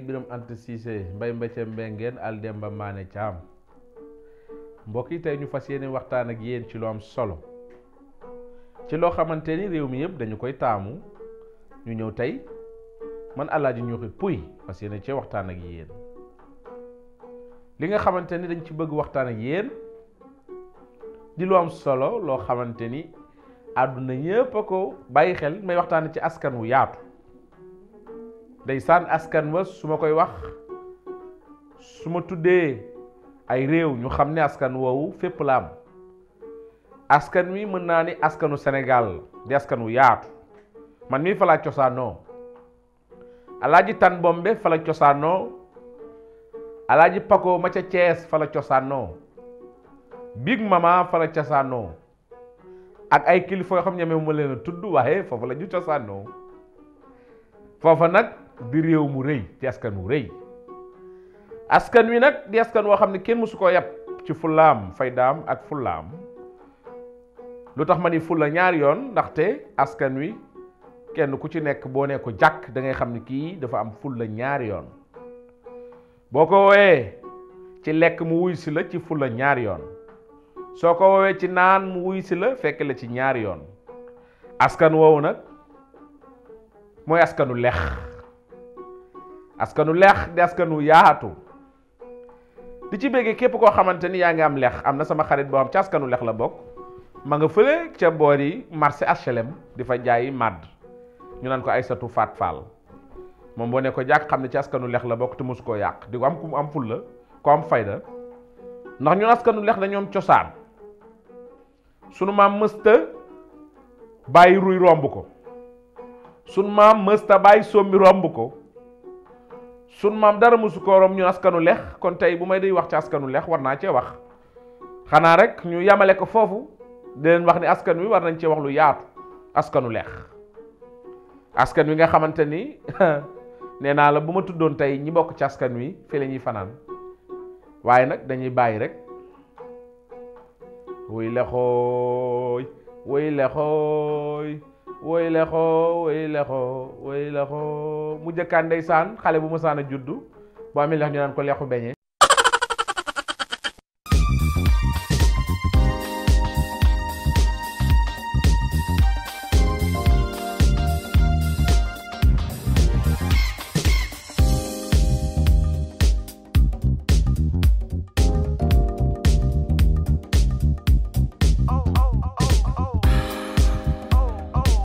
ay Birame ant Cissé mbay mbacé mbengen Al Demba Mané cham mbokk tay ñu fas waxtaan ak yeen ci lo am solo ci lo xamanteni rew mi yeb dañu koy taamu ñu ñew tay man Alaaji Ñuuxi Puy fas ci waxtaan ak yeen li nga xamanteni dañ ci bëgg waxtaan ak yeen di lo am solo lo xamanteni aduna ñepp ko bàyyi xel may waxtaan ci askan wu yaatu saan askan wa su ma koy wax su ma tuddee ay réew ñu xam ne askan woowu fépp la am askan wi mën naa ni askanu Sénégal di askan wu yaatu man mii fa la cosaanoo alaaji Tan Bombe fa la cosaanoo alaaji Pako ma ca Cees fa la cosaanoo Big Mama fa la cosaanoo ak ay kilifa yoo xam ñeme mu leen a tudd waaye foofu la ñu cosaanoo foofa nag di réew mu rëy di askan wu rëy askan wi nag di askan woo xam ne kenn mësu koo yàpp ci fullaam faydaam ak fullaam lu tax ma ni fulla ñaari yoon ndaxte askan wi kenn ku ci nekk boo ne ko jàkk da xam ne kii dafa am fulla ñaari yoon boo ko woowee ci lekk mu wuy la ci fulla ñaari yoon soo ko woowee ci naan mu wuy si la fekk la ci ñaari yoon askan woowu nag mooy askanu lex askanu leex di askanu yaatu di ci béggee képp koo xamante ni yaa ngi am leex am na sama xarit boo xam ci askanu leex la bokk ma nga fële ca boor yi marché HLM di fa jaay màdd ñu naan ko Aysatu Faat Fall moom boo ne ko jàkk xam ne ci askanu leex la bokk te mosu koo yàq di ko am ku am fulla ko am fayda ndax ñun askanu leex dañoo am cosaan sunu maam mësta bàyyi ruy romb ko sunu maam mësta bàyyi sommi romb ko sun maam dara musu ko ñu askanu lex kon tey bu may day wax ci askanu lex war naa cee wax xanaa rek ñu yamale ko foofu di wax ni askan wi war nañ cee wax lu yaatu askanu leex askan wi nga xamante ni nee naa la bu ma tuddoon tey ñi bokk ci askan wi fii la ñuy fanaan waaye nag dañuy bàyyi rek wuy lexooy wuy lexooy woy lexoo woy lexoo woy lexoo mu ndey saan xale bu ma saan a juddu boo amee lex ñu naan ko lexu beñe